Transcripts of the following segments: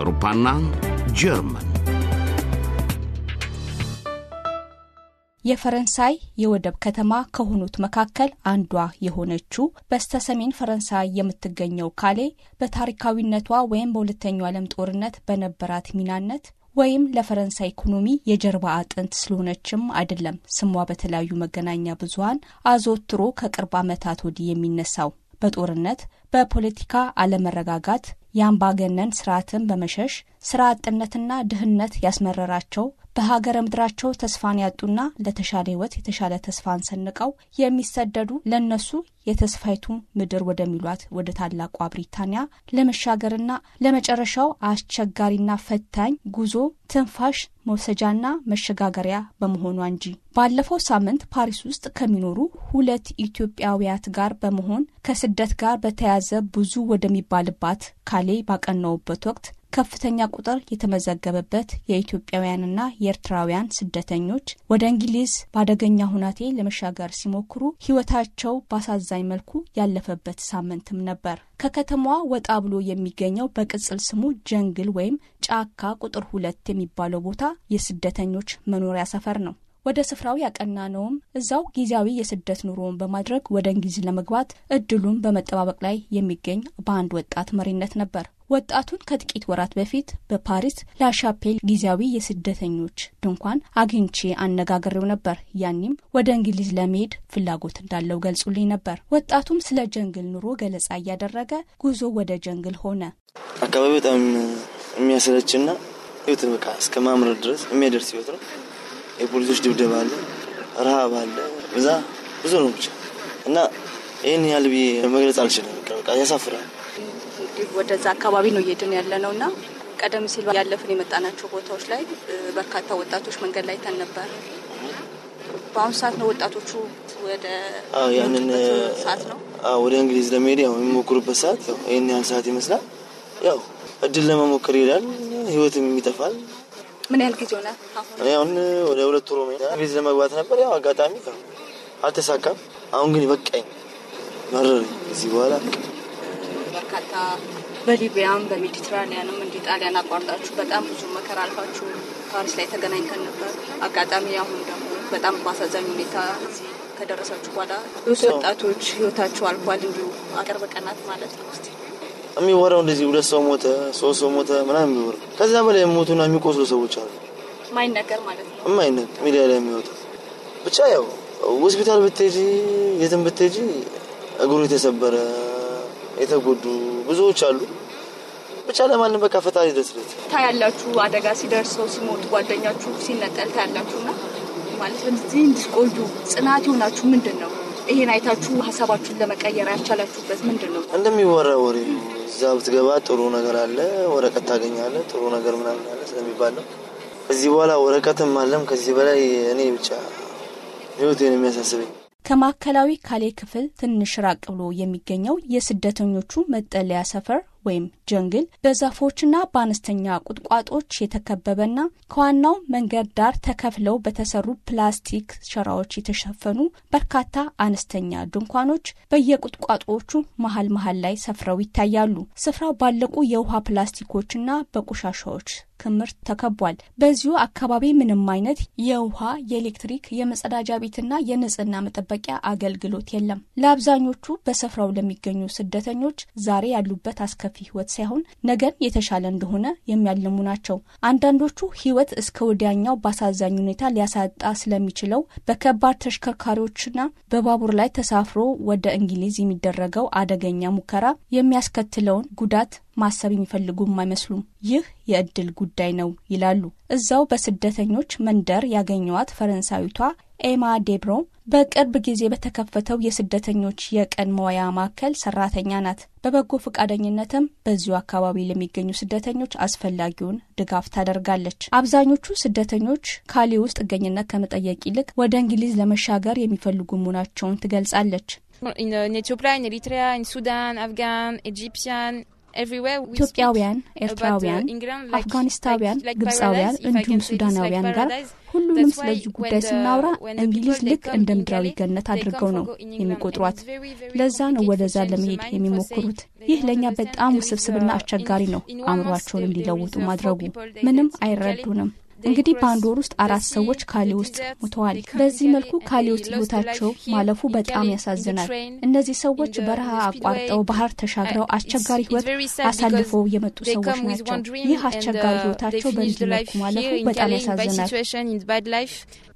አውሮፓና ጀርመን የፈረንሳይ የወደብ ከተማ ከሆኑት መካከል አንዷ የሆነችው በስተ ሰሜን ፈረንሳይ የምትገኘው ካሌ በታሪካዊነቷ ወይም በሁለተኛው ዓለም ጦርነት በነበራት ሚናነት ወይም ለፈረንሳይ ኢኮኖሚ የጀርባ አጥንት ስለሆነችም አይደለም ስሟ በተለያዩ መገናኛ ብዙሀን አዘወትሮ ከቅርብ ዓመታት ወዲህ የሚነሳው። በጦርነት በፖለቲካ አለመረጋጋት የአምባገነን ስርዓትን በመሸሽ ስራ አጥነትና ድህነት ያስመረራቸው በሀገረ ምድራቸው ተስፋን ያጡና ለተሻለ ህይወት የተሻለ ተስፋን ሰንቀው የሚሰደዱ ለእነሱ የተስፋይቱ ምድር ወደሚሏት ወደ ታላቋ ብሪታንያ ለመሻገርና ለመጨረሻው አስቸጋሪና ፈታኝ ጉዞ ትንፋሽ መውሰጃና መሸጋገሪያ በመሆኗ እንጂ። ባለፈው ሳምንት ፓሪስ ውስጥ ከሚኖሩ ሁለት ኢትዮጵያውያት ጋር በመሆን ከስደት ጋር በተያያዘ የያዘ ብዙ ወደሚባልባት ካሌ ባቀናውበት ወቅት ከፍተኛ ቁጥር የተመዘገበበት የኢትዮጵያውያንና የኤርትራውያን ስደተኞች ወደ እንግሊዝ በአደገኛ ሁናቴ ለመሻገር ሲሞክሩ ሕይወታቸው በአሳዛኝ መልኩ ያለፈበት ሳምንትም ነበር። ከከተማዋ ወጣ ብሎ የሚገኘው በቅጽል ስሙ ጀንግል ወይም ጫካ ቁጥር ሁለት የሚባለው ቦታ የስደተኞች መኖሪያ ሰፈር ነው። ወደ ስፍራው ያቀና ነውም እዛው ጊዜያዊ የስደት ኑሮውን በማድረግ ወደ እንግሊዝ ለመግባት እድሉን በመጠባበቅ ላይ የሚገኝ በአንድ ወጣት መሪነት ነበር። ወጣቱን ከጥቂት ወራት በፊት በፓሪስ ላሻፔል ጊዜያዊ የስደተኞች ድንኳን አግኝቼ አነጋግሬው ነበር። ያኔም ወደ እንግሊዝ ለመሄድ ፍላጎት እንዳለው ገልጹልኝ ነበር። ወጣቱም ስለ ጀንግል ኑሮ ገለጻ እያደረገ ጉዞ ወደ ጀንግል ሆነ። አካባቢ በጣም የሚያሰለችና ህይወት በቃ እስከ ማምረር ድረስ የሚያደርስ ህይወት ነው የፖሊሶች ድብደባ አለ፣ ረሃብ አለ፣ እዛ ብዙ ነው ብቻ እና ይህን ያህል ብዬ መግለጽ አልችልም። በቃ ያሳፍራል። ወደዛ አካባቢ ነው እየሄድን ያለ ነው እና ቀደም ሲል ያለፍን የመጣናቸው ቦታዎች ላይ በርካታ ወጣቶች መንገድ ላይ ተን ነበር። በአሁኑ ሰዓት ነው ወጣቶቹ ወደ ያንን ነው ወደ እንግሊዝ ለመሄድ ያው የሚሞክሩበት ሰዓት ይህን ያህል ሰዓት ይመስላል። ያው እድል ለመሞከር ይሄዳል፣ ህይወትም ይጠፋል። ምን ያህል ጊዜ ሆነ? እኔ አሁን ወደ ሁለት ወር ቤት ለመግባት ነበር። ያው አጋጣሚ አልተሳካም። አሁን ግን በቃኝ፣ መረረኝ። እዚህ በኋላ በርካታ በሊቢያም በሜዲትራኒያንም እንዲ ጣሊያን አቋርጣችሁ በጣም ብዙ መከራ አልፋችሁ ፓሪስ ላይ ተገናኝተን ነበር። አጋጣሚ አሁን ደግሞ በጣም በአሳዛኝ ሁኔታ ከደረሳችሁ በኋላ ብዙ ወጣቶች ህይወታችሁ አልፏል። እንዲሁ አገር በቀናት ማለት ነው። የሚወራው እንደዚህ ሁለት ሰው ሞተ፣ ሶስት ሰው ሞተ ምናምን የሚወራ ከዛ በላይ የሚሞቱና የሚቆስሉ ሰዎች አሉ። ማይነገር ማለት ነው። ማይነገር ሚዲያ ላይ የሚወጣ ብቻ ያው ሆስፒታል ብትሄጂ የትም ብትሄጂ እግሩ የተሰበረ የተጎዱ ብዙዎች አሉ። ብቻ ለማንም በቃ ፈጣሪ ይድረስለት። ታያላችሁ አደጋ ሲደርሰው ሲሞቱ ጓደኛችሁ ሲነጠል ታያላችሁና ማለት በዚህ እንድትቆዩ ጽናት ይሆናችሁ ምንድን ነው? ይሄን አይታችሁ ሀሳባችሁን ለመቀየር ያቻላችሁበት ምንድን ነው? እንደሚወራ ወሬ ነው እዛ ብትገባ ጥሩ ነገር አለ፣ ወረቀት ታገኛለ፣ ጥሩ ነገር ምናምን አለ ስለሚባል ነው። ከዚህ በኋላ ወረቀትም አለም ከዚህ በላይ እኔ ብቻ ህይወቴን የሚያሳስበኝ ከማዕከላዊ ካሌ ክፍል ትንሽ ራቅ ብሎ የሚገኘው የስደተኞቹ መጠለያ ሰፈር ወይም ጀንግል በዛፎችና በአነስተኛ ቁጥቋጦች የተከበበና ከዋናው መንገድ ዳር ተከፍለው በተሰሩ ፕላስቲክ ሸራዎች የተሸፈኑ በርካታ አነስተኛ ድንኳኖች በየቁጥቋጦዎቹ መሀል መሀል ላይ ሰፍረው ይታያሉ። ስፍራው ባለቁ የውሃ ፕላስቲኮችና በቆሻሻዎች ክምር ተከቧል። በዚሁ አካባቢ ምንም አይነት የውሃ፣ የኤሌክትሪክ፣ የመጸዳጃ ቤትና የንጽህና መጠበቂያ አገልግሎት የለም። ለአብዛኞቹ በስፍራው ለሚገኙ ስደተኞች ዛሬ ያሉበት አስከፊ ህይወት ሳይሆን ነገን የተሻለ እንደሆነ የሚያልሙ ናቸው። አንዳንዶቹ ህይወት እስከ ወዲያኛው በአሳዛኝ ሁኔታ ሊያሳጣ ስለሚችለው በከባድ ተሽከርካሪዎችና በባቡር ላይ ተሳፍሮ ወደ እንግሊዝ የሚደረገው አደገኛ ሙከራ የሚያስከትለውን ጉዳት ማሰብ የሚፈልጉም አይመስሉም። ይህ የእድል ጉዳይ ነው ይላሉ። እዛው በስደተኞች መንደር ያገኘዋት ፈረንሳዊቷ ኤማ ዴብሮ በቅርብ ጊዜ በተከፈተው የስደተኞች የቀን መዋያ ማዕከል ሰራተኛ ናት። በበጎ ፈቃደኝነትም በዚሁ አካባቢ ለሚገኙ ስደተኞች አስፈላጊውን ድጋፍ ታደርጋለች። አብዛኞቹ ስደተኞች ካሌ ውስጥ ጥገኝነት ከመጠየቅ ይልቅ ወደ እንግሊዝ ለመሻገር የሚፈልጉ መሆናቸውን ትገልጻለች። ኢትዮጵያ፣ ኤሪትሪያ፣ ሱዳን፣ አፍጋን፣ ኢጂፕሲያን ኢትዮጵያውያን፣ uh, uh, ኤርትራውያን፣ አፍጋኒስታውያን፣ ግብፃውያን እንዲሁም ሱዳናውያን ጋር ሁሉንም ስለዚህ ጉዳይ ስናወራ እንግሊዝ ልክ እንደ ምድራዊ ገነት አድርገው ነው የሚቆጥሯት። ለዛ ነው ወደዛ ለመሄድ የሚሞክሩት። ይህ ለእኛ በጣም ውስብስብና አስቸጋሪ ነው፣ አእምሯቸውን እንዲለውጡ ማድረጉ። ምንም አይረዱንም። እንግዲህ በአንድ ወር ውስጥ አራት ሰዎች ካሌ ውስጥ ሙተዋል። በዚህ መልኩ ካሌ ውስጥ ህይወታቸው ማለፉ በጣም ያሳዝናል። እነዚህ ሰዎች በረሃ አቋርጠው ባህር ተሻግረው አስቸጋሪ ህይወት አሳልፈው የመጡ ሰዎች ናቸው። ይህ አስቸጋሪ ህይወታቸው በእንዲህ መልኩ ማለፉ በጣም ያሳዝናል።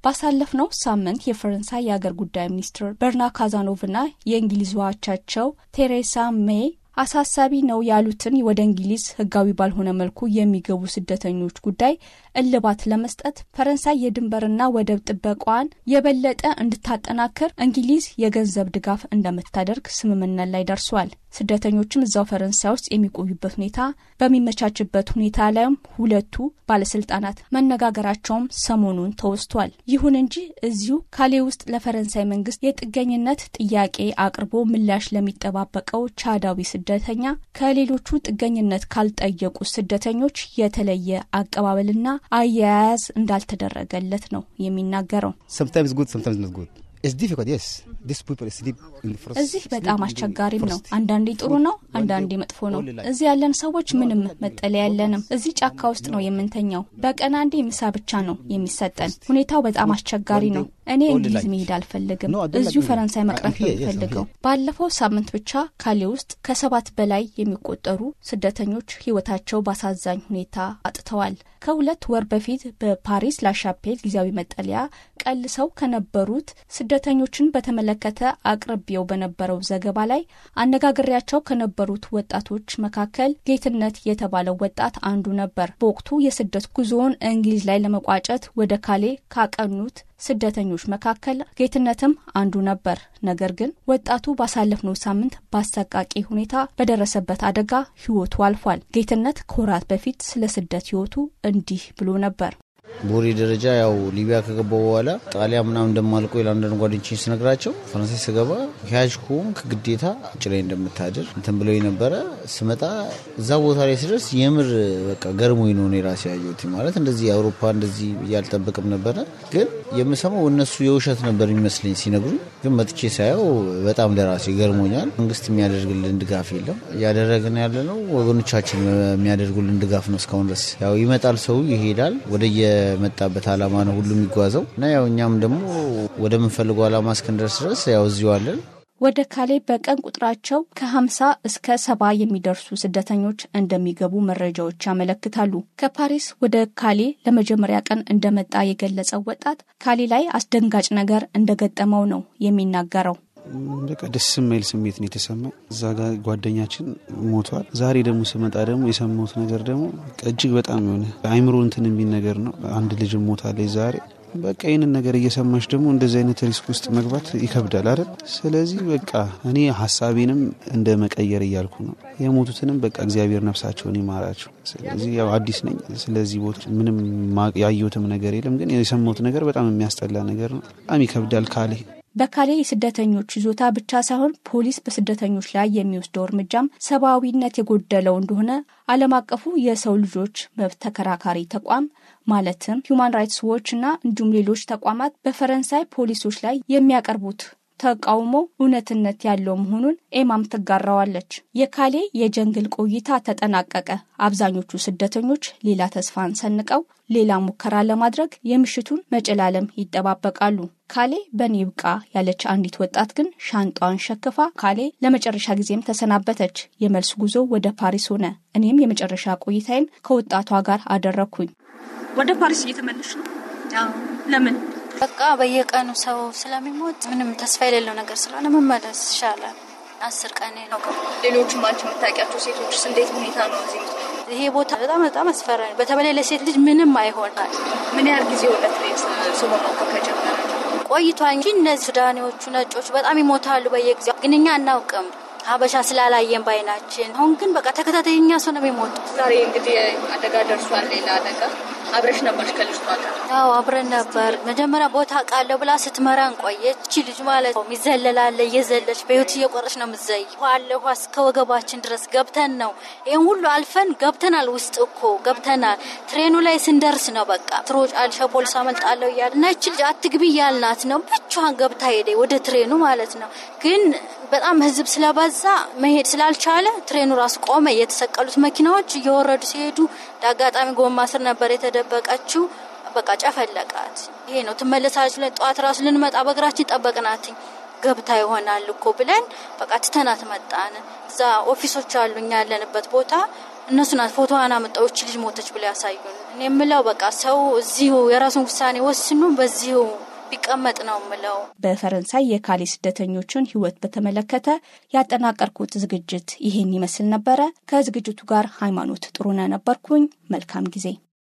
ባሳለፍነው ሳምንት የፈረንሳይ የአገር ጉዳይ ሚኒስትር በርና ካዛኖቭና የእንግሊዝ ዋቻቸው ቴሬሳ ሜይ አሳሳቢ ነው ያሉትን ወደ እንግሊዝ ህጋዊ ባልሆነ መልኩ የሚገቡ ስደተኞች ጉዳይ እልባት ለመስጠት ፈረንሳይ የድንበርና ወደብ ጥበቃዋን የበለጠ እንድታጠናክር እንግሊዝ የገንዘብ ድጋፍ እንደምታደርግ ስምምነት ላይ ደርሷል። ስደተኞችም እዛው ፈረንሳይ ውስጥ የሚቆዩበት ሁኔታ በሚመቻችበት ሁኔታ ላይም ሁለቱ ባለስልጣናት መነጋገራቸውም ሰሞኑን ተወስቷል። ይሁን እንጂ እዚሁ ካሌ ውስጥ ለፈረንሳይ መንግስት የጥገኝነት ጥያቄ አቅርቦ ምላሽ ለሚጠባበቀው ቻዳዊ ስደተኛ ከሌሎቹ ጥገኝነት ካልጠየቁ ስደተኞች የተለየ አቀባበልና አያያዝ እንዳልተደረገለት ነው የሚናገረው። እዚህ በጣም አስቸጋሪም ነው። አንዳንዴ ጥሩ ነው፣ አንዳንዴ መጥፎ ነው። እዚህ ያለን ሰዎች ምንም መጠለያ ያለንም እዚህ ጫካ ውስጥ ነው የምንተኛው። በቀን አንዴ ምሳ ብቻ ነው የሚሰጠን። ሁኔታው በጣም አስቸጋሪ ነው። እኔ እንግሊዝ መሄድ አልፈልግም። እዚሁ ፈረንሳይ መቅረት ነው የምፈልገው። ባለፈው ሳምንት ብቻ ካሌ ውስጥ ከሰባት በላይ የሚቆጠሩ ስደተኞች ህይወታቸው በአሳዛኝ ሁኔታ አጥተዋል። ከሁለት ወር በፊት በፓሪስ ላሻፔል ጊዜያዊ መጠለያ ቀልሰው ከነበሩት ስደተኞችን በተመለከተ አቅርቤው በነበረው ዘገባ ላይ አነጋግሬያቸው ከነበሩት ወጣቶች መካከል ጌትነት የተባለው ወጣት አንዱ ነበር። በወቅቱ የስደት ጉዞውን እንግሊዝ ላይ ለመቋጨት ወደ ካሌ ካቀኑት ስደተኞች መካከል ጌትነትም አንዱ ነበር። ነገር ግን ወጣቱ ባሳለፍነው ሳምንት በአሰቃቂ ሁኔታ በደረሰበት አደጋ ህይወቱ አልፏል። ጌትነት ከወራት በፊት ስለ ስደት ህይወቱ እንዲህ ብሎ ነበር። በወሬ ደረጃ ያው ሊቢያ ከገባው በኋላ ጣሊያን ምናምን እንደማልቆ የላንደን ጓደኞቼ ስነግራቸው ፈረንሳይ ስገባ ያዥ ከሆንክ ግዴታ ውጭ ላይ እንደምታድር እንትን ብለው ነበረ ስመጣ እዛ ቦታ ላይ ስደርስ የምር በቃ ገርሞ ነው የራሴ ያየሁት። ማለት እንደዚህ አውሮፓ እንደዚህ እያልጠብቅም ነበረ፣ ግን የምሰማው እነሱ የውሸት ነበር የሚመስለኝ ሲነግሩ ግን መጥቼ ሳየው በጣም ለራሴ ገርሞኛል። መንግስት የሚያደርግልን ድጋፍ የለም። እያደረግን ያለ ነው ወገኖቻችን የሚያደርጉልን ድጋፍ ነው። እስካሁን ድረስ ያው ይመጣል፣ ሰው ይሄዳል ወደየ የመጣበት አላማ ነው ሁሉ የሚጓዘው እና ያው እኛም ደግሞ ወደምንፈልገው አላማ እስክንደርስ ድረስ ያው እዚሁ አለን። ወደ ካሌ በቀን ቁጥራቸው ከ እስከ ሰባ የሚደርሱ ስደተኞች እንደሚገቡ መረጃዎች ያመለክታሉ። ከፓሪስ ወደ ካሌ ለመጀመሪያ ቀን እንደመጣ የገለጸው ወጣት ካሌ ላይ አስደንጋጭ ነገር እንደገጠመው ነው የሚናገረው። በቃ ደስ የማይል ስሜት ነው የተሰማኝ። እዛ ጋር ጓደኛችን ሞቷል። ዛሬ ደግሞ ስመጣ ደግሞ የሰማሁት ነገር ደግሞ እጅግ በጣም የሆነ አይምሮ እንትን የሚል ነገር ነው። አንድ ልጅ ሞታለች ዛሬ። በቃ ይህንን ነገር እየሰማች ደግሞ እንደዚህ አይነት ሪስክ ውስጥ መግባት ይከብዳል አይደል? ስለዚህ በቃ እኔ ሀሳቤንም እንደ መቀየር እያልኩ ነው። የሞቱትንም በቃ እግዚአብሔር ነፍሳቸውን ይማራቸው። ስለዚህ ያው አዲስ ነኝ፣ ስለዚህ ቦታ ምንም ያየሁትም ነገር የለም፣ ግን የሰማሁት ነገር በጣም የሚያስጠላ ነገር ነው። በጣም ይከብዳል ካሌ በካሌ የስደተኞች ይዞታ ብቻ ሳይሆን ፖሊስ በስደተኞች ላይ የሚወስደው እርምጃም ሰብአዊነት የጎደለው እንደሆነ ዓለም አቀፉ የሰው ልጆች መብት ተከራካሪ ተቋም ማለትም ሁማን ራይትስ ዎች እና እንዲሁም ሌሎች ተቋማት በፈረንሳይ ፖሊሶች ላይ የሚያቀርቡት ተቃውሞ እውነትነት ያለው መሆኑን ኤማም ትጋራዋለች። የካሌ የጀንግል ቆይታ ተጠናቀቀ። አብዛኞቹ ስደተኞች ሌላ ተስፋን ሰንቀው ሌላ ሙከራ ለማድረግ የምሽቱን መጨላለም ይጠባበቃሉ። ካሌ በኔ ያለች አንዲት ወጣት ግን ሻንጣዋን ሸክፋ ካሌ ለመጨረሻ ጊዜም ተሰናበተች። የመልስ ጉዞ ወደ ፓሪስ ሆነ። እኔም የመጨረሻ ቆይታዬን ከወጣቷ ጋር አደረግኩኝ። ወደ ፓሪስ እየተመለሽ ነው? ለምን በቃ በየቀኑ ሰው ስለሚሞት ምንም ተስፋ የሌለው ነገር ስለሆነ መመለስ ይሻላል። አስር ቀን ነው። ሌሎቹም አንቺ የምታውቂያቸው ሴቶችስ እንዴት ሁኔታ ነው? እዚህ ይሄ ቦታ በጣም በጣም አስፈራ ነው። በተለይ ለሴት ልጅ ምንም አይሆናል። ምን ያህል ጊዜ ሁለት ቤት ከጀመረ ቆይቷ እንጂ እነዚህ ሱዳኔዎቹ ነጮች በጣም ይሞታሉ በየጊዜው ግን እኛ አናውቅም ሀበሻ ስላላየን ባይናችን። አሁን ግን በቃ ተከታታይ እኛ ሰው ነው የሚሞቱ። ዛሬ እንግዲህ አደጋ ደርሷል። ሌላ አደጋ አብረሽ ነበርሽ ከልጅ ጋር? አዎ አብረን ነበር። መጀመሪያ ቦታ ቃለው ብላ ስትመራን ቆየች። እቺ ልጅ ማለት ነው ይዘለላለ እየዘለች በህይወት እየቆረች ነው ምዘይ ኋለ ኋ እስከ ወገባችን ድረስ ገብተን ነው ይህን ሁሉ አልፈን ገብተናል። ውስጥ እኮ ገብተናል። ትሬኑ ላይ ስንደርስ ነው በቃ ትሮጫለሽ፣ ፖሊስ አመልጣለሁ እያለ እና እቺ ልጅ አትግቢ እያልናት ነው ብቻዋን ገብታ ሄደ ወደ ትሬኑ ማለት ነው። ግን በጣም ህዝብ ስለበዛ መሄድ ስላልቻለ ትሬኑ ራሱ ቆመ። የተሰቀሉት መኪናዎች እየወረዱ ሲሄዱ አጋጣሚ ጎማ ስር ነበር የተደበቀችው። በቃ ጨፈለቃት። ይሄ ነው ትመለሳለች ብለን ጠዋት ራሱ ልንመጣ በእግራችን ጠበቅናት። ገብታ ይሆናል እኮ ብለን በቃ ትተናት መጣን። እዛ ኦፊሶች አሉ እኛ ያለንበት ቦታ እነሱ ናት ፎቶዋን አመጣው ልጅ ሞተች ብለው ያሳዩን። እኔ የምለው በቃ ሰው እዚሁ የራሱን ውሳኔ ወስኑ በዚሁ ቢቀመጥ ነው ምለው። በፈረንሳይ የካሌ ስደተኞችን ህይወት በተመለከተ ያጠናቀርኩት ዝግጅት ይህን ይመስል ነበረ። ከዝግጅቱ ጋር ሃይማኖት ጥሩነህ ነበርኩኝ። መልካም ጊዜ